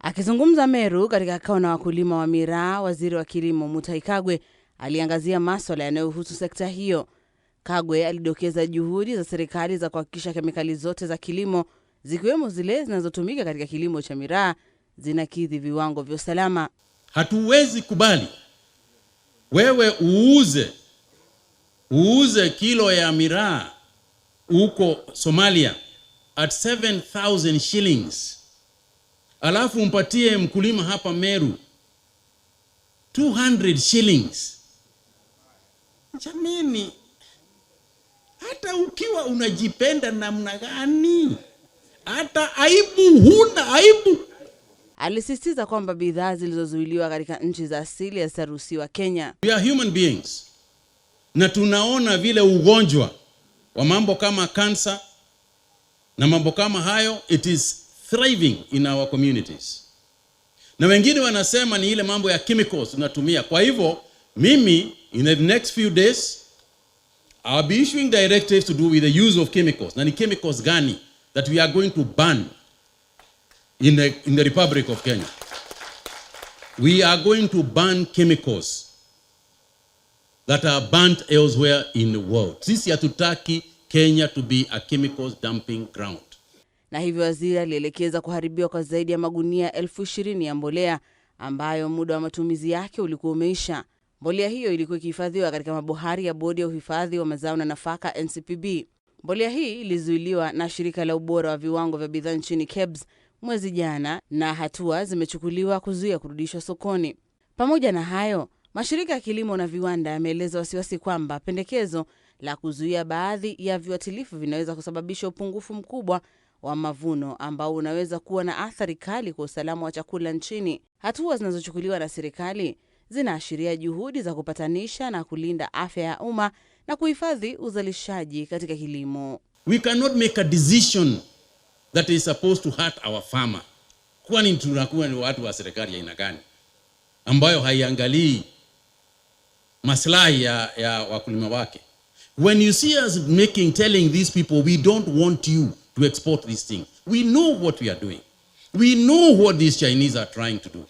Akizungumza Meru katika kao na wakulima wa miraa, waziri wa kilimo Mutahi Kagwe aliangazia maswala yanayohusu sekta hiyo. Kagwe alidokeza juhudi za serikali za kuhakikisha kemikali zote za kilimo zikiwemo zile zinazotumika katika kilimo cha miraa zinakidhi viwango vya usalama. Hatuwezi kubali wewe uuze uuze kilo ya miraa huko Somalia at 7000 shillings alafu umpatie mkulima hapa Meru 200 shillings. Jamini, hata ukiwa unajipenda namna gani, hata aibu huna aibu. Alisisitiza kwamba bidhaa zilizozuiliwa katika nchi za asili zitaruhusiwa Kenya. We are human beings, na tunaona vile ugonjwa wa mambo kama kansa na mambo kama hayo, it is thriving in our communities. Na wengine wanasema ni ile mambo ya chemicals tunatumia. Kwa hivyo mimi, in the next few days I'll be issuing directives to do with the use of chemicals. Na ni chemicals gani that we are going to ban in the, in the Republic of Kenya. We are going to ban chemicals that are banned elsewhere in the world. Sisi hatutaki Kenya to be a chemicals dumping ground na hivyo waziri alielekeza kuharibiwa kwa zaidi ya magunia elfu ishirini ya mbolea ambayo muda wa matumizi yake ulikuwa umeisha. Mbolea hiyo ilikuwa ikihifadhiwa katika mabohari ya bodi ya uhifadhi wa mazao na nafaka NCPB. Mbolea hii ilizuiliwa na shirika la ubora wa viwango vya bidhaa nchini KEBS mwezi jana, na hatua zimechukuliwa kuzuia kurudishwa sokoni. Pamoja na hayo, mashirika ya kilimo na viwanda yameeleza wasiwasi kwamba pendekezo la kuzuia baadhi ya viuatilifu vinaweza kusababisha upungufu mkubwa wa mavuno ambao unaweza kuwa na athari kali kwa usalama wa chakula nchini. Hatua zinazochukuliwa na serikali zinaashiria juhudi za kupatanisha na kulinda afya ya umma na kuhifadhi uzalishaji katika kilimo. We cannot make a decision that is supposed to hurt our farmer. Kwani tunakuwa ni watu wa serikali aina gani ambayo haiangalii maslahi ya, ya wakulima wake? When you see us making telling these people we don't want you to export this thing. We know what we are doing. We know what these Chinese are trying to do.